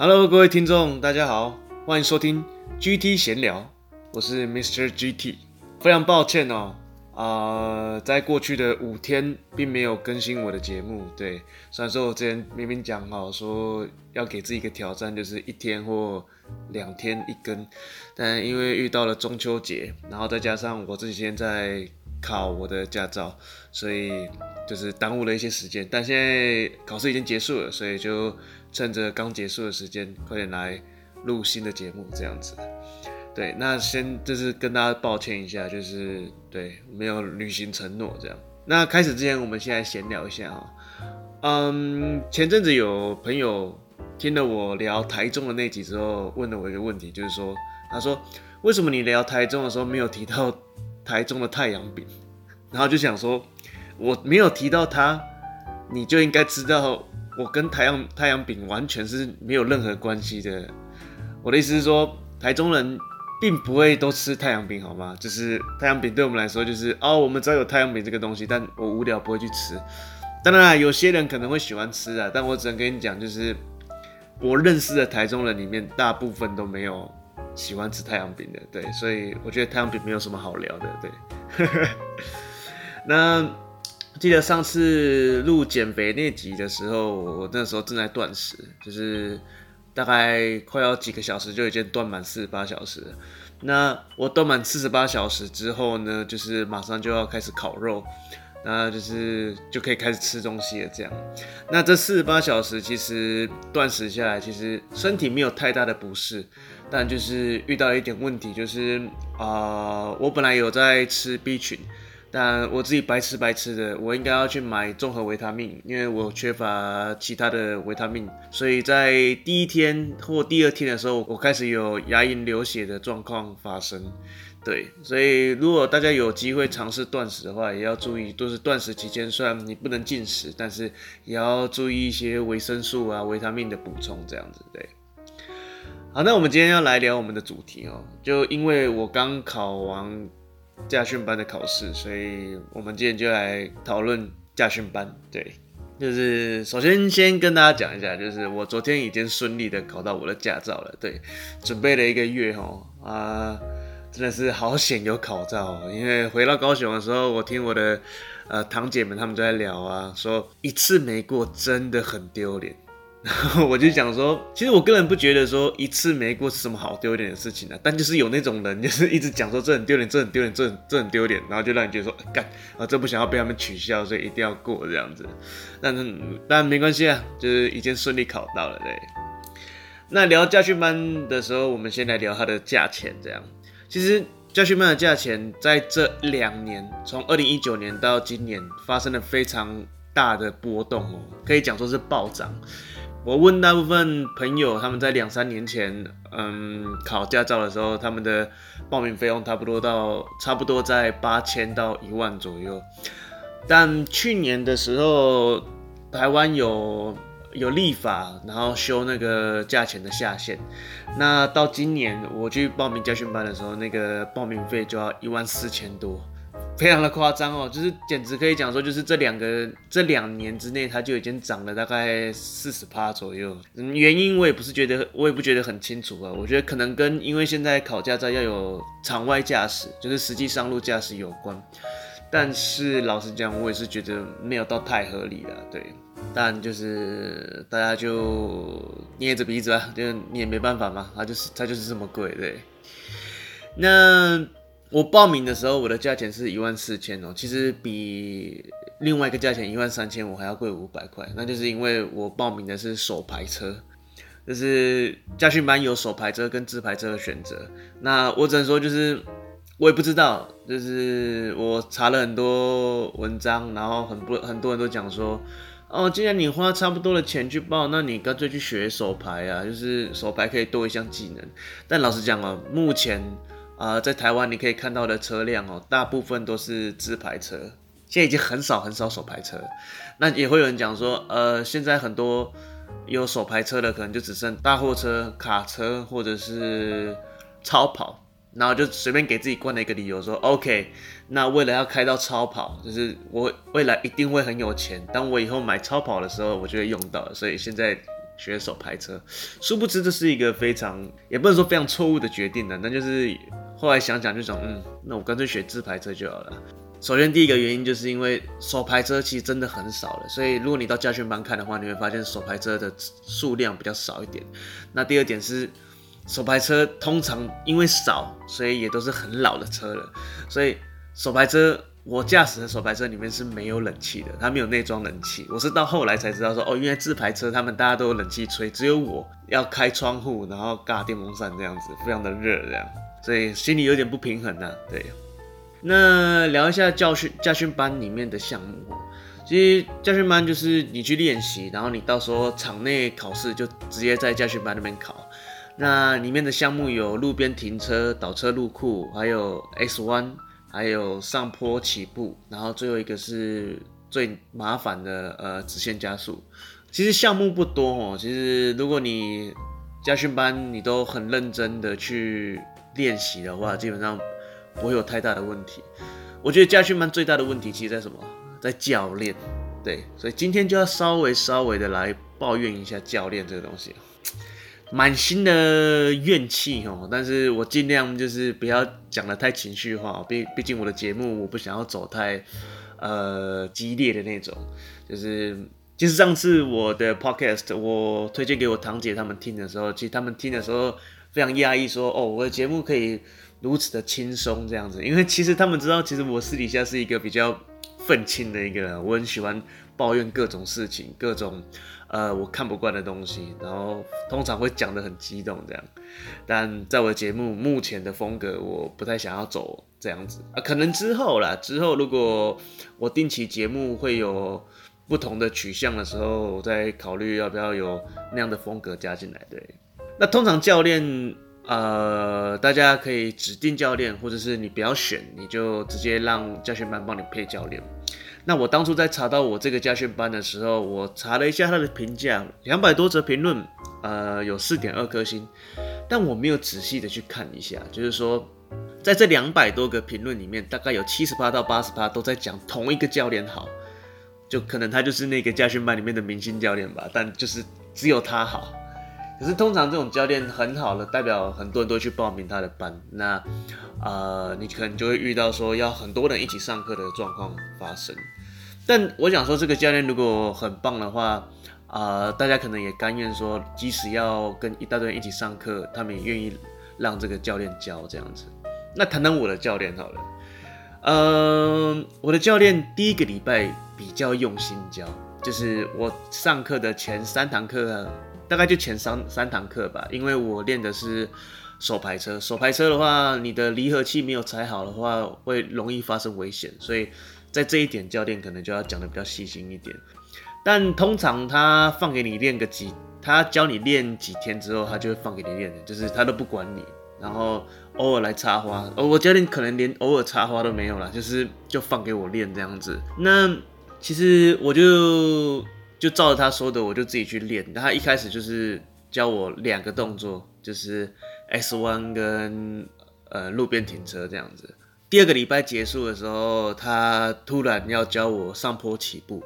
Hello，各位聽眾，大家好，歡迎收聽 GT 閒聊，我是 Mr. GT。非常抱歉哦，啊、呃，在過去的五天並沒有更新我的節目。對，雖然說我之前明明講好說要給自己一個挑戰，就是一天或兩天一更，但因為遇到了中秋節，然後再加上我這幾天在考我的駕照，所以就是耽誤了一些時間。但現在考試已經結束了，所以就。趁着剛結束的時間，快點來錄新的節目，這樣子。對，那先就是跟大家抱歉一下，就是對沒有履行承諾這樣。那開始之前，我們先來閒聊一下哈、哦。嗯，前陣子有朋友聽了我聊台中的那集之後，問了我一個問題，就是說，他說為什麼你聊台中的時候沒有提到台中的太陽餅？然後就想說，我沒有提到他，你就應該知道。我跟太陽太陽餅完全是沒有任何關係的。我的意思是說，台中人並不會都吃太陽餅，好嗎？就是太陽餅對我們來說，就是哦，我們只要有太陽餅這個東西，但我無聊不會去吃。當然啦，有些人可能會喜歡吃啊，但我只能跟你講，就是我認識的台中人裡面，大部分都沒有喜歡吃太陽餅的。對，所以我覺得太陽餅沒有什麼好聊的。對， 那。記得上次錄減肥那集的時候，我那時候正在斷食，就是大概快要幾個小時就已經斷滿四十八小時了。那我斷滿四十八小時之後呢，就是馬上就要開始烤肉，那就是就可以開始吃東西了這樣。那這四十八小時其實斷食下來，其實身體沒有太大的不適，但就是遇到一點問題，就是啊、呃，我本來有在吃 B 群。但我自己白吃白吃的，我應該要去買綜合維他命，因為我缺乏其他的維他命。所以在第一天或第二天的時候，我開始有牙齦流血的狀況發生。對，所以如果大家有機會嘗試斷食的話，也要注意，就是斷食期間，雖然你不能進食，但是也要注意一些維生素啊、維他命的補充，這樣子對。好，那我們今天要來聊我們的主題哦、喔，就因為我剛考完。駕訓班的考試，所以我們今天就來討論駕訓班。對，就是首先先跟大家講一下，就是我昨天已經順利的考到我的駕照了。對，準備了一個月哦，啊、呃，真的是好險有考照，因為回到高雄的時候，我聽我的呃堂姐們他們都在聊啊，說一次沒過真的很丟臉。然後 我就想說，其實我個人不覺得說一次沒過是什麼好丟臉的事情啊。但就是有那種人就是一直講說這很丟臉，這很丟臉，這很這很丟臉，然後就讓你覺得說幹、欸、啊，這不想要被他們取笑，所以一定要過這樣子。但是但沒關係啊，就是已經順利考到了對。那聊駕訓班的時候，我們先來聊它的價錢這樣。其實駕訓班的價錢在這兩年，從二零一九年到今年，發生了非常大的波動哦，可以講說是暴漲。我問大部分朋友，他們在兩三年前，嗯，考駕照的時候，他們的報名費用差不多到差不多在八千到一萬左右。但去年的時候，台灣有有立法，然後修那個價錢的下限。那到今年我去報名駕訓班的時候，那個報名費就要一萬四千多。非常的誇張哦，就是簡直可以講說，就是這兩個這兩年之內，它就已經漲了大概四十趴左右。嗯，原因我也不是覺得，我也不覺得很清楚啊。我覺得可能跟因為現在考駕照要有場外駕駛，就是實際上路駕駛有關。但是老實講，我也是覺得沒有到太合理啦，對。但就是大家就捏着鼻子吧，就也沒辦法嘛，它就是它就是這麼貴，對。那。我報名的時候，我的價錢是一萬四千哦，其實比另外一個價錢一萬三千我還要貴五百塊，那就是因為我報名的是手排車，就是駕訓班有手排車跟自排車的選擇。那我只能說，就是我也不知道，就是我查了很多文章，然後很多很多人都講說，哦，既然你花差不多的錢去報，那你乾脆去學手排啊，就是手排可以多一項技能。但老實講哦，目前。啊、呃，在台灣你可以看到的車輛哦、喔，大部分都是自排車，現在已經很少很少手排車。那也會有人講說，呃，現在很多有手排車的，可能就只剩大貨車、卡車或者是超跑，然後就隨便給自己灌了一個理由說，OK，那為了要開到超跑，就是我未來一定會很有錢，當我以後買超跑的時候，我就會用到了，所以現在學手排車。殊不知這是一個非常，也不能說非常錯誤的決定呢，那就是。後來想想，就想，就講嗯，那我乾脆學自排車就好了。首先第一個原因就是因為手排車其實真的很少了，所以如果你到駕訓班看的話，你會發現手排車的數量比較少一點。那第二點是手排車通常因為少，所以也都是很老的車了。所以手排車我駕駛的手排車裡面是沒有冷氣的，它沒有內裝冷氣。我是到後來才知道說哦，原來自排車他們大家都有冷氣吹，只有我要開窗戶，然後嘎電風扇這樣子，非常的熱這樣。所以心裡有點不平衡呢、啊。對，那聊一下駕訓、駕訓班裡面的項目。其實駕訓班就是你去練習，然後你到時候場內考試就直接在駕訓班那邊考。那裡面的項目有路邊停車、倒車入庫，還有 S 彎，還有上坡起步，然後最後一個是最麻煩的呃直線加速。其實項目不多哦。其實如果你駕訓班你都很認真的去。練習的話，基本上不會有太大的問題。我覺得駕訓班最大的問題，其實在什麼？在教練。對，所以今天就要稍微稍微的來抱怨一下教練這個東西，滿心的怨氣哦。但是我盡量就是不要講得太情緒化，畢畢竟我的節目我不想要走太呃激烈的那種，就是。其實上次我的 podcast 我推薦給我堂姐他們聽的時候，其實他們聽的時候非常訝異，說：“哦，我的節目可以如此的輕鬆這樣子。”因為其實他們知道，其實我私底下是一個比較憤青的一個人，我很喜歡抱怨各種事情，各種呃我看不慣的東西，然後通常會講得很激動這樣。但在我的節目目前的風格，我不太想要走這樣子啊，可能之後啦，之後如果我定期節目會有不同的取向的時候，我在考慮要不要有那樣的風格加進來。對，那通常教練，呃，大家可以指定教練，或者是你不要選，你就直接讓駕訓班幫你配教練。那我當初在查到我這個駕訓班的時候，我查了一下他的評價，兩百多則評論，呃，有四點二顆星，但我沒有仔細的去看一下，就是說在這兩百多個評論裡面，大概有七十趴到八十趴都在講同一個教練好。就可能他就是那個駕訓班裡面的明星教練吧，但就是只有他好。可是通常這種教練很好了，代表很多人都去報名他的班。那呃，你可能就會遇到說要很多人一起上課的狀況發生。但我想說，這個教練如果很棒的話，啊、呃，大家可能也甘願說，即使要跟一大堆人一起上課，他們也願意讓這個教練教這樣子。那談談我的教練好了。嗯、呃，我的教練第一個禮拜。比較用心教，就是我上課的前三堂課，大概就前三三堂課吧，因為我練的是手排車，手排車的話，你的離合器沒有踩好的話，會容易發生危險，所以在這一點教練可能就要講得比較細心一點。但通常他放給你練個幾，他教你練幾天之後，他就會放給你練，就是他都不管你，然後偶爾來插花，我教練可能連偶爾插花都沒有了，就是就放給我練這樣子，那。其實我就就照着他說的，我就自己去練。他一開始就是教我兩個動作，就是 S 彎跟呃路邊停車這樣子。第二個禮拜結束的時候，他突然要教我上坡起步。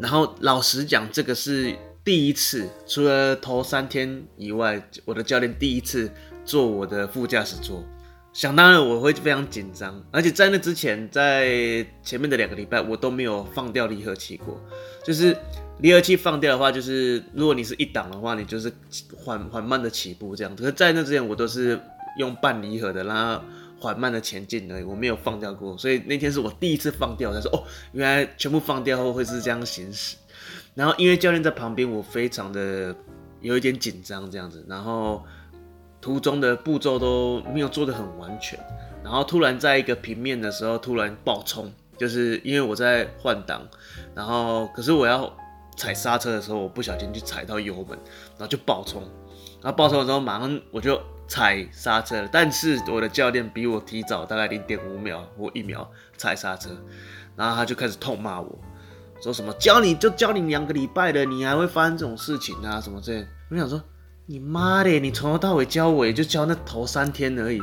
然後老實講，這個是第一次，除了頭三天以外，我的教練第一次坐我的副駕駛座。想當然，我會非常緊張，而且在那之前，在前面的兩個禮拜，我都沒有放掉離合器過。就是離合器放掉的話，就是如果你是一檔的話，你就是緩緩慢的起步這樣子。可是，在那之前，我都是用半離合的，然後緩慢的前進而已，我沒有放掉過。所以那天是我第一次放掉，才說哦，原來全部放掉後會是這樣行駛。然後因為教練在旁邊，我非常的有一點緊張這樣子。然後。途中的步驟都沒有做得很完全，然後突然在一個平面的時候突然爆衝，就是因為我在換擋，然後可是我要踩剎車的時候，我不小心就踩到油門，然後就爆衝，然後爆衝的時候馬上我就踩剎車了，但是我的教練比我提早大概零點五秒或一秒踩剎車。然後他就開始痛罵我說什麼教你就教你兩個禮拜了，你還會發生這種事情啊什麼之類，我想說。你媽的！你從頭到尾教我，也就教那頭三天而已。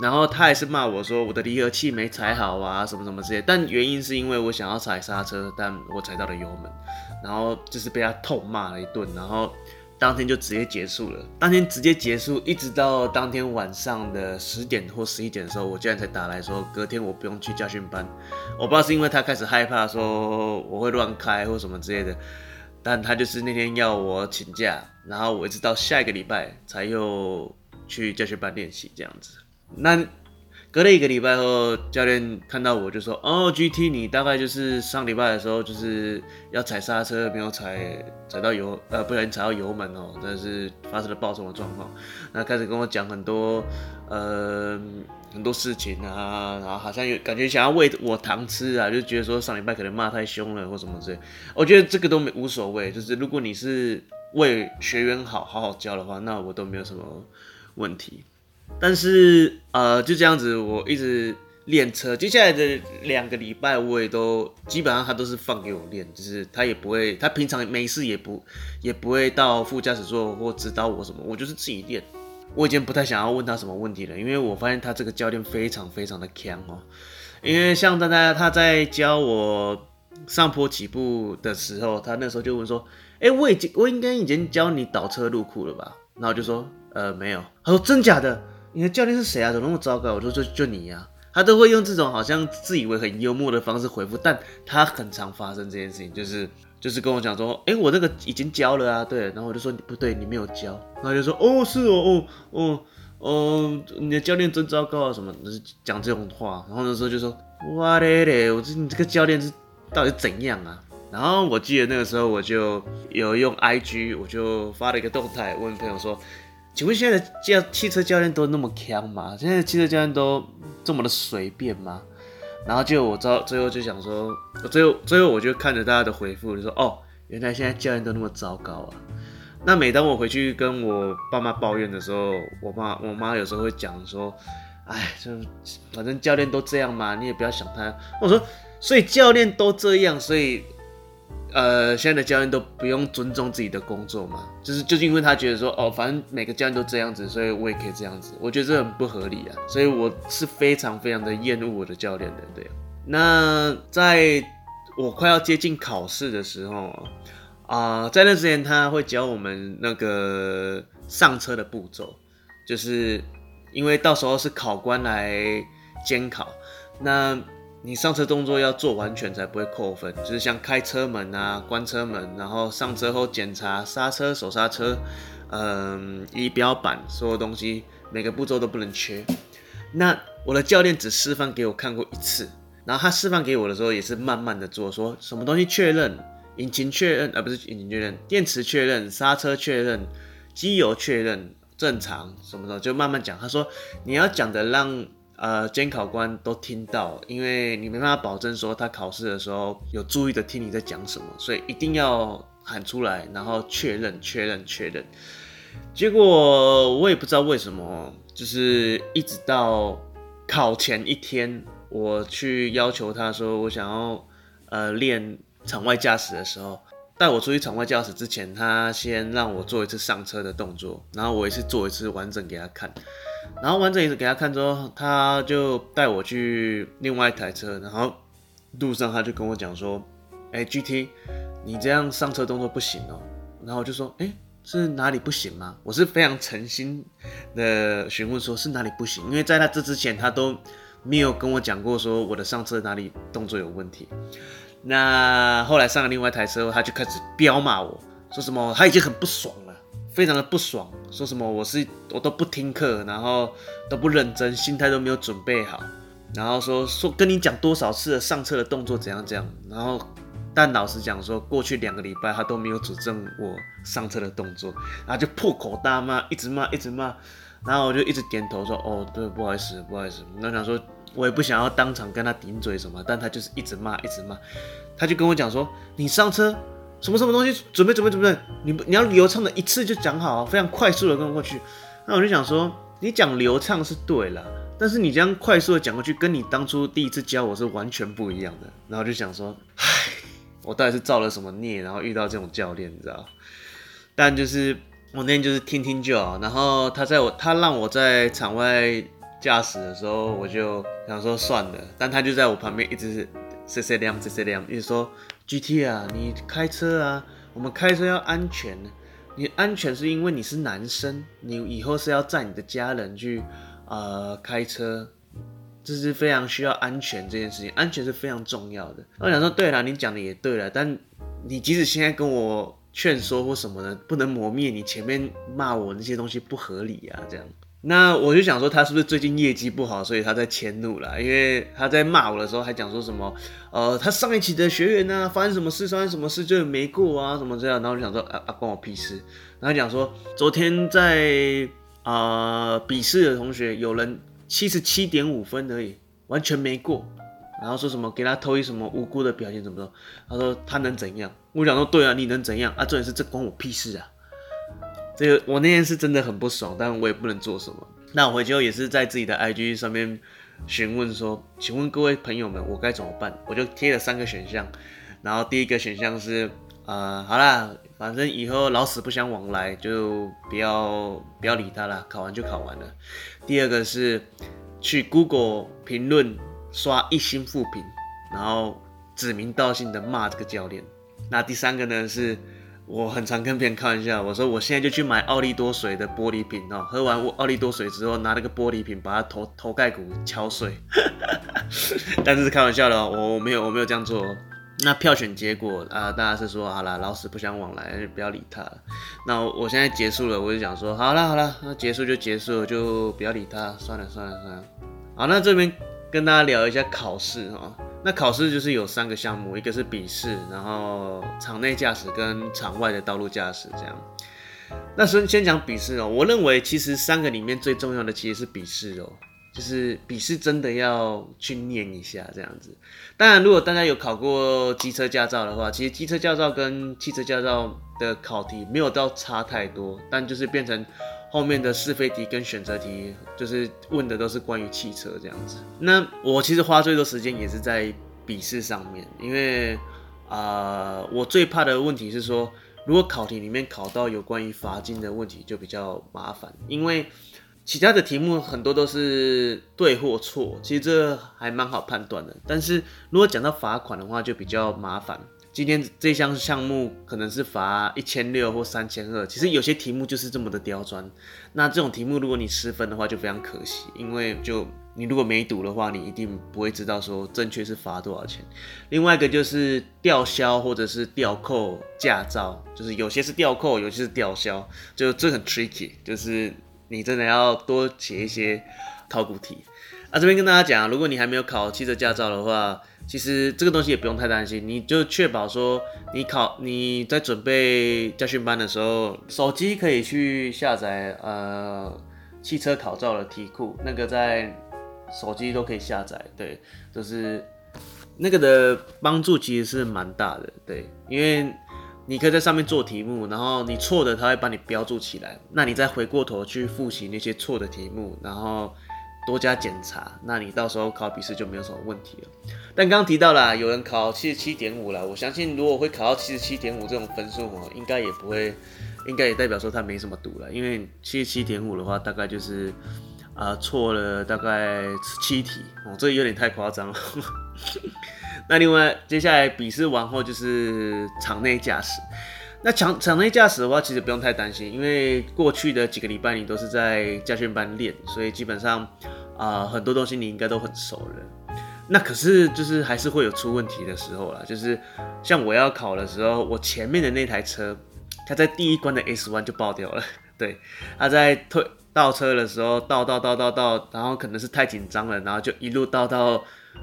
然後他也是罵我說我的離合器沒踩好啊，什麼什麼之類的。但原因是因為我想要踩剎車，但我踩到了油門，然後就是被他痛罵了一頓。然後當天就直接結束了。當天直接結束，一直到當天晚上的十點或十一點的時候，我居然才打來說隔天我不用去駕訓班。我不知道是因為他開始害怕說我會亂開或什麼之類的。但他就是那天要我請假，然後我一直到下一個禮拜才又去教學班練習這樣子。那隔了一個禮拜後，教練看到我就說：“哦，GT，你大概就是上禮拜的時候就是要踩剎車沒有踩踩到油，呃，不小心踩到油門哦，但是發生了暴衝的狀況。”那開始跟我講很多，呃。很多事情啊，然後好像有感覺想要餵我糖吃啊，就覺得說上禮拜可能罵太凶了或什麼之類，我覺得這個都沒無所謂。就是如果你是為學員好好好教的話，那我都沒有什麼問題。但是呃，就這樣子，我一直練車。接下來的兩個禮拜，我也都基本上他都是放給我練，就是他也不會，他平常沒事也不也不會到副駕駛座或指導我什麼，我就是自己練。我已經不太想要問他什麼問題了，因為我發現他這個教練非常非常的鏘哦，喔，因為像大家他在教我上坡起步的時候，他那時候就問說：“哎，欸，我已經我應該已經教你倒車入庫了吧？”然後我就說：“呃，沒有。”他說：“真假的？你的教練是誰啊？怎麼那麼糟糕？”我說：“就就你呀，啊。”他都會用這種好像自以為很幽默的方式回復，但他很常發生這件事情，就是。就是跟我講說，誒，我這個已經交了啊，對，然後我就說你不對，你沒有交，然後我就說哦，是哦，哦，哦，哦，你的教練真糟糕啊，什麼講這種話，然後那時候就說，哇嘞嘞我這你這個教練是到底是怎樣啊？然後我記得那個時候我就有用 IG，我就發了一個動態問朋友說，請問現在的教汽車教練都那麼強嗎？現在的汽車教練都這麼的隨便嗎？然後就我到最後就想說，最後最後我就看着大家的回復，就說哦，原來現在教練都那麼糟糕啊。那每當我回去跟我爸媽抱怨的時候，我爸我媽有時候會講說，哎，就反正教練都這樣嘛，你也不要想他。我說，所以教練都這樣，所以。呃，現在的教練都不用尊重自己的工作嘛，就是就是因為他覺得說，哦，反正每個教練都這樣子，所以我也可以這樣子，我覺得這很不合理啊，所以我是非常非常的厭惡我的教練的。對，那在我快要接近考試的時候啊，呃，在那之前他會教我們那個上車的步驟，就是因為到時候是考官來監考，那。你上車動作要做完全才不會扣分，就是像開車門啊、關車門，然後上車後檢查剎車、手剎車，呃，儀表板所有東西，每個步驟都不能缺。那我的教練只示範給我看過一次，然後他示範給我的時候也是慢慢的做，說什麼東西確認，引擎確認，而、呃、不是引擎確認，電池確認、剎車確認、機油確認正常什麼的，就慢慢講。他說你要講的讓。呃，監考官都聽到，因為你沒辦法保證說他考試的時候有注意的聽你在講什麼，所以一定要喊出來，然後確認、確認、確認。結果我也不知道為什麼，就是一直到考前一天，我去要求他說我想要呃練場外駕駛的時候，帶我出去場外駕駛之前，他先讓我做一次上車的動作，然後我也是做一次完整給他看。然後完整一次給他看之後，他就帶我去另外一台車，然後路上他就跟我講說：“哎，GT，你這樣上車動作不行哦。”然後我就說：“哎，是哪裡不行嗎？”我是非常誠心的詢問說：“是哪裡不行？”因為在他這之前，他都沒有跟我講過說我的上車哪裡動作有問題。那後來上了另外一台車，他就開始飆罵我，說什麼他已經很不爽了。非常的不爽，說什麼我是我都不聽課，然後都不認真，心態都沒有準備好，然後說說跟你講多少次了，上車的動作怎樣怎樣，然後但老實講說過去兩個禮拜他都沒有指正我上車的動作，然後就破口大罵，一直罵一直罵，然後我就一直點頭說哦對，不好意思不好意思，我想說我也不想要當場跟他頂嘴什麼，但他就是一直罵一直罵，他就跟我講說你上車。什麼什麼東西準備準備準備，你你要流暢的，一次就講好，非常快速的跟我過去。那我就想說，你講流暢是對啦，但是你這樣快速的講過去，跟你當初第一次教我是完全不一樣的。然後我就想說，唉，我到底是造了什麼孽，然後遇到這種教練，你知道？但就是我那天就是聽聽就好。然後他在我他讓我在場外駕駛的時候，我就想說算了。但他就在我旁邊一直是，嘖嘖亮，嘖嘖亮，一直說。GT 啊，你開車啊，我們開車要安全。你安全是因為你是男生，你以後是要載你的家人去，呃，開車，這是非常需要安全這件事情，安全是非常重要的。我想說，對啦，你講的也對啦，但你即使現在跟我勸說或什麼的，不能磨滅你前面罵我那些東西不合理啊，這樣。那我就想說，他是不是最近業績不好，所以他在遷怒啦，因為他在罵我的時候還講說什麼，呃，他上一期的學員呢、啊，發生什麼事，發生什麼事就沒過啊，什麼這樣。然後就想說，啊，啊關我屁事。然後講說，昨天在啊筆試的同學，有人七十七點五分而已，完全沒過。然後說什麼給他投一什麼無辜的表現，怎麼說？他說他能怎樣？我想說對啊，你能怎樣啊？這也是這關我屁事啊！這個我那天是真的很不爽，但我也不能做什麼。那我回去後也是在自己的 IG 上面詢問說：“請問各位朋友們，我該怎麼辦？”我就貼了三個選項。然後第一個選項是：呃，好啦，反正以後老死不相往來，就不要不要理他啦，考完就考完了。第二個是去 Google 評論刷一星負評，然後指名道姓的罵這個教練。那第三個呢是。我很常跟別人開玩笑，我說我現在就去買奧利多水的玻璃瓶哦，喝完奧利多水之後，拿了個玻璃瓶把它頭頭蓋骨敲碎。 但是是開玩笑的哦，我沒有我沒有這樣做。那票選結果啊，大、呃、家是說好啦，老死不相往來，就不要理他。那我，我現在結束了，我就想說，好啦好啦，那結束就結束了，就不要理他，算了算了算了。好，那這邊。跟大家聊一下考試哈，那考試就是有三個項目，一個是筆試，然後場內駕駛跟場外的道路駕駛這樣。那先先講筆試哦，我認為其實三個裡面最重要的其實是筆試哦，就是筆試真的要去念一下這樣子。當然，如果大家有考過機車駕照的話，其實機車駕照跟汽車駕照的考題沒有到差太多，但就是變成。後面的是非題跟選擇題，就是問的都是關於汽車這樣子。那我其實花最多時間也是在筆試上面，因為啊、呃，我最怕的問題是說，如果考題裡面考到有關於罰金的問題，就比較麻煩。因為其他的題目很多都是對或錯，其實這還蠻好判斷的。但是如果講到罰款的話，就比較麻煩。今天這項項目可能是罰一千六或三千二，其實有些題目就是這麼的刁鑽。那這種題目，如果你失分的話，就非常可惜，因為就你如果沒讀的話，你一定不會知道說正確是罰多少錢。另外一個就是吊銷或者是吊扣駕照，就是有些是吊扣，有些是吊銷，就這很 tricky，就是你真的要多寫一些考古題。啊，這邊跟大家講，如果你還沒有考汽車駕照的話。其實這個東西也不用太擔心，你就確保說你考你在準備駕訓班的時候，手機可以去下載呃汽車考照的題庫，那個在手機都可以下載。對，就是那個的幫助其實是蠻大的。對，因為你可以在上面做題目，然後你錯的他會幫你標註起來，那你再回過頭去複習那些錯的題目，然後。多加檢查，那你到時候考筆試就沒有什麼問題了。但剛剛提到了有人考七十七點五了，我相信如果會考到七十七點五這種分數，應該也不會，應該也代表說他沒什麼讀了。因為七十七點五的話，大概就是啊錯、呃、了大概七題哦、喔，這有點太誇張了。 那另外接下來筆試完後就是場內駕駛。那場場內駕駛的話，其實不用太擔心，因為過去的幾個禮拜你都是在駕訓班練，所以基本上啊、呃，很多東西你應該都很熟了。那可是就是還是會有出問題的時候啦，就是像我要考的時候，我前面的那台車，它在第一關的 S 彎就爆掉了。對，它在退倒車的時候倒倒倒倒倒，然後可能是太緊張了，然後就一路倒到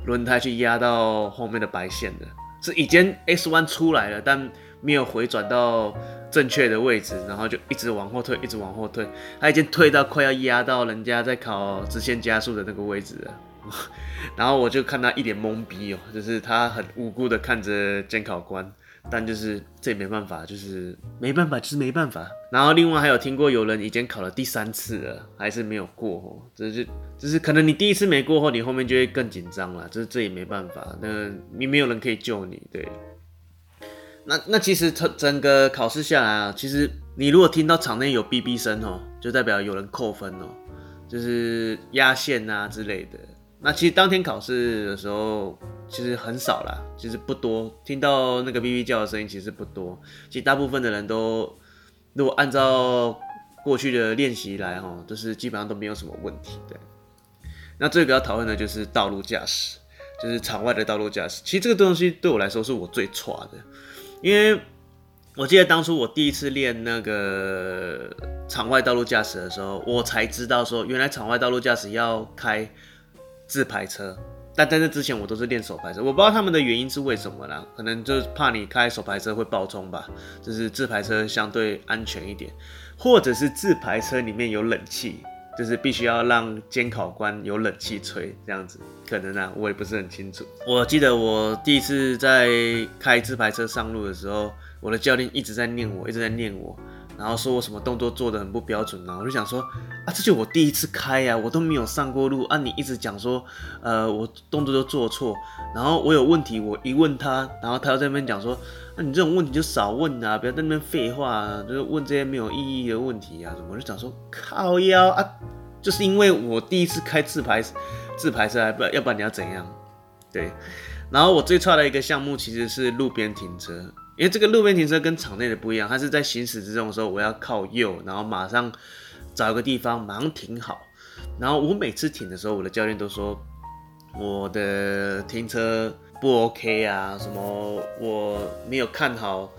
輪胎去壓到後面的白線了，是已經 S 彎出來了，但沒有回轉到正確的位置，然後就一直往後退，一直往後退。他已經退到快要壓到人家在考直線加速的那個位置了。 然後我就看他一臉懵逼哦，就是他很無辜的看着監考官，但就是這也沒辦法，就是沒辦法，就是沒辦法，就是沒辦法。然後另外還有聽過有人已經考了第三次了，還是沒有過哦。這是就，就是可能你第一次沒過後，你後面就會更緊張了。就是這也沒辦法，那你沒有人可以救你，對。那那其實整個考試下來啊，其實你如果聽到場內有嗶嗶聲哦，就代表有人扣分哦，就是壓線啊之類的。那其實當天考試的時候其實很少啦，其實不多，聽到那個嗶嗶叫的聲音其實不多。其實大部分的人都如果按照過去的練習來哦，就是基本上都沒有什麼問題的。那最主要討論的就是道路駕駛，就是場外的道路駕駛。其實這個東西對我來說是我最差的。因為我記得當初我第一次練那個場外道路駕駛的時候，我才知道說，原來場外道路駕駛要開自排車，但在這之前我都是練手排車，我不知道他們的原因是為什麼呢？可能就是怕你開手排車會爆衝吧，就是自排車相對安全一點，或者是自排車裡面有冷氣。就是必須要讓監考官有冷氣吹，這樣子可能啊，我也不是很清楚。我記得我第一次在開自排車上路的時候，我的教練一直在念我，一直在念我。然後說我什麼動作做的很不標準，然後我就想說，啊，這就我第一次開呀、啊，我都沒有上過路啊。你一直講說，呃，我動作都做錯，然後我有問題，我一問他，然後他又在那邊講說，那、啊、你這種問題就少問啊，不要在那邊廢話、啊，就是問這些沒有意義的問題啊什麼。我就想說，靠腰啊，就是因為我第一次開自排自排車，不然要不然你要怎樣？對，然後我最差的一個項目其實是路邊停車。因為這個路邊停車跟場內的不一樣，它是在行駛之中的時候，我要靠右，然後馬上找一個地方馬上停好。然後我每次停的時候，我的教練都說我的停車不 OK 啊，什麼我沒有看好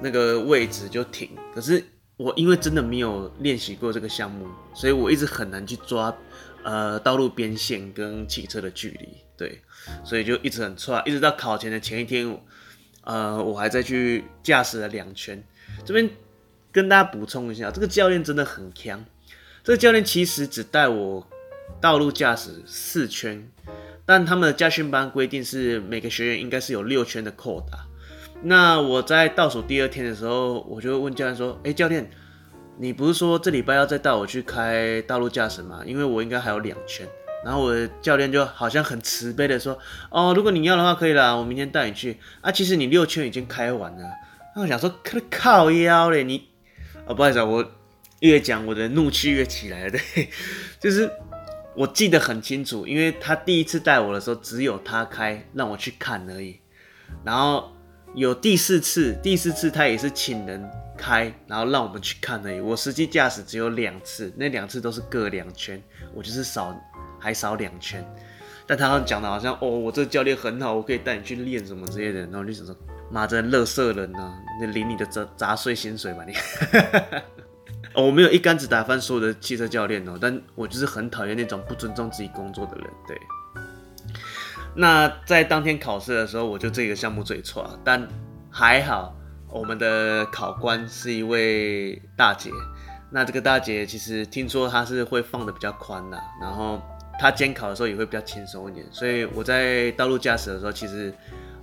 那個位置就停。可是我因為真的沒有練習過這個項目，所以我一直很難去抓呃道路邊線跟汽車的距離，對，所以就一直很差，一直到考前的前一天。呃，我還再去駕駛了兩圈，這邊跟大家補充一下，這個教練真的很強。這個教練其實只帶我道路駕駛四圈，但他們的駕訓班規定是每個學員應該是有六圈的扣打、啊。那我在倒數第二天的時候，我就會問教練說：“誒、欸，教練，你不是說這禮拜要再帶我去開道路駕駛嗎？因為我應該還有兩圈。”然後我的教練就好像很慈悲的說：“哦，如果你要的話可以啦，我明天帶你去啊。”其實你六圈已經開完了。啊、我想說，靠腰嘞你！啊、哦，不好意思，我越講我的怒氣越起來了。對，就是我記得很清楚，因為他第一次帶我的時候只有他開，讓我去看而已。然後有第四次，第四次他也是請人開，然後讓我們去看而已。我實際駕駛只有兩次，那兩次都是各兩圈，我就是少。還少兩圈，但他講的好像，好像哦，我這個教練很好，我可以帶你去練什麼之類的，然後你就想說，媽，這人樂色人吶，你領你的雜碎薪水吧你。 哦，我沒有一竿子打翻所有的汽車教練哦，但我就是很討厭那種不尊重自己工作的人。對。那在當天考試的時候，我就這個項目最錯，但還好，我們的考官是一位大姐。那這個大姐其實聽說她是會放的比較寬啊，然後。他監考的時候也會比較輕鬆一點，所以我在道路駕駛的時候，其實，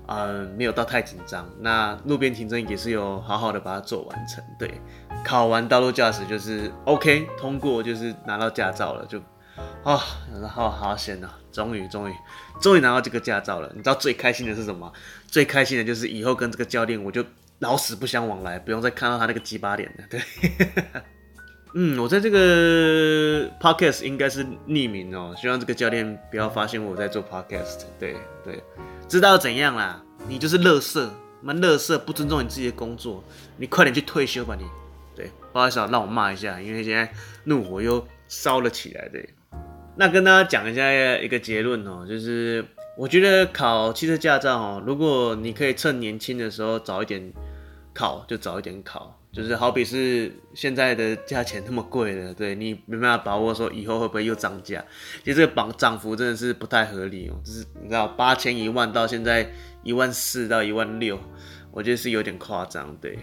嗯、呃，沒有到太緊張。那路邊停車也是有好好的把它做完成。對，考完道路駕駛就是 OK 通過，就是拿到駕照了，就啊、哦，然後好險啊，終於終於終於拿到這個駕照了。你知道最開心的是什麼？最開心的就是以後跟這個教練我就老死不相往來，不用再看到他那個雞巴臉了。對。 嗯，我在這個 podcast 應該是匿名哦，希望這個教練不要發現我在做 podcast。對對，知道怎樣啦？你就是樂色，那樂色不尊重你自己的工作，你快點去退休吧你。對，不好意思啊，讓我罵一下，因為現在怒火又燒了起來。對，那跟大家講一下一個結論哦，就是我覺得考汽車駕照哦，如果你可以趁年輕的時候早一點考，就早一點考。就是好比是現在的價錢那麼貴了，對，你沒辦法把握說以後會不會又漲價。其實這個漲漲幅真的是不太合理哦，就是你知道八千一萬到現在一萬四到一萬六，我覺得是有點誇張。對，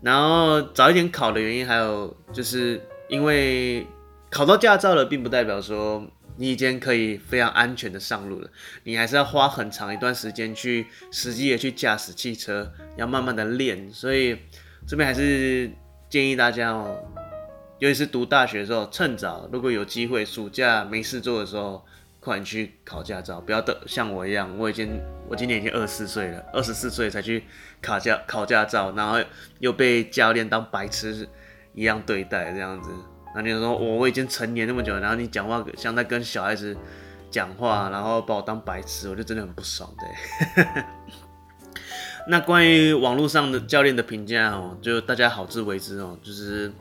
然後早一點考的原因還有就是因為考到駕照了，並不代表說你已經可以非常安全的上路了，你還是要花很長一段時間去實際的去駕駛汽車，要慢慢的練，所以。這邊還是建議大家哦、喔，尤其是讀大學的時候，趁早。如果有機會，暑假沒事做的時候，快點去考駕照，不要等，像我一樣，我已經我今年已經二十四歲了，二十四歲才去考駕考駕照，然後又被教練當白痴一樣對待，這樣子。那你說我我已經成年那麼久了，然後你講話像在跟小孩子講話，然後把我當白痴，我就真的很不爽對、欸。 那關於網絡上的教練的評價哦，就大家好自為之哦。就是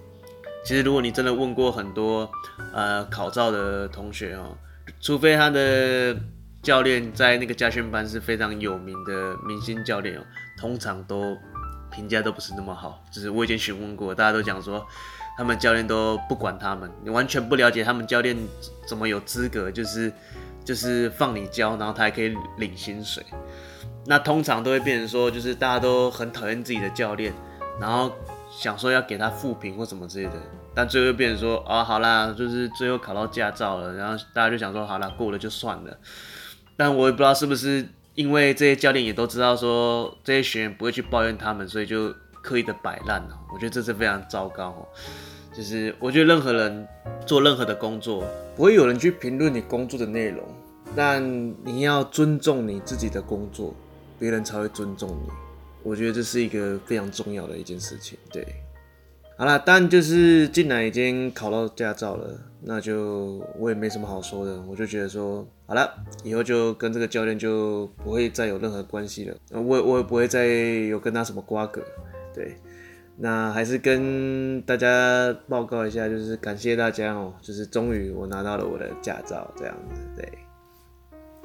其實如果你真的問過很多呃考照的同學哦，除非他的教練在那個駕訓班是非常有名的明星教練哦，通常都評價都不是那麼好。就是我已經詢問過，大家都講說他們教練都不管他們，你完全不了解他們教練怎麼有資格，就是就是放你教，然後他還可以領薪水。那通常都會變成說，就是大家都很討厭自己的教練，然後想說要給他負評或什麼之類的，但最後會變成說啊、哦，好啦，就是最後考到駕照了，然後大家就想說，好啦，過了就算了。但我也不知道是不是因為這些教練也都知道說這些學員不會去抱怨他們，所以就刻意的擺爛。我覺得這是非常糟糕。就是我覺得任何人做任何的工作，不會有人去評論你工作的內容，但你要尊重你自己的工作。別人才會尊重你，我覺得這是一個非常重要的一件事情。對，好了，但就是既然已經考到駕照了，那就我也沒什麼好說的。我就覺得說，好了，以後就跟這個教練就不會再有任何關係了。我也我也不會再有跟他什麼瓜葛。對，那還是跟大家報告一下，就是感謝大家哦，就是終於我拿到了我的駕照，這樣子。對。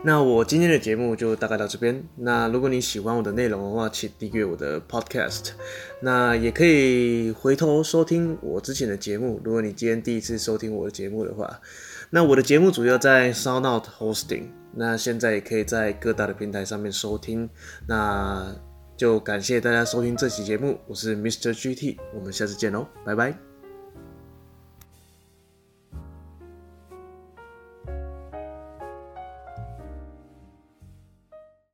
那我今天的節目就大概到這邊。那如果你喜歡我的內容的話，請訂閱我的 Podcast。那也可以回頭收聽我之前的節目。如果你今天第一次收聽我的節目的話，那我的節目主要在 SoundOut Hosting。那現在也可以在各大的平台上面收聽。那就感謝大家收聽這期節目，我是 Mr. GT，我們下次見嘍，拜拜。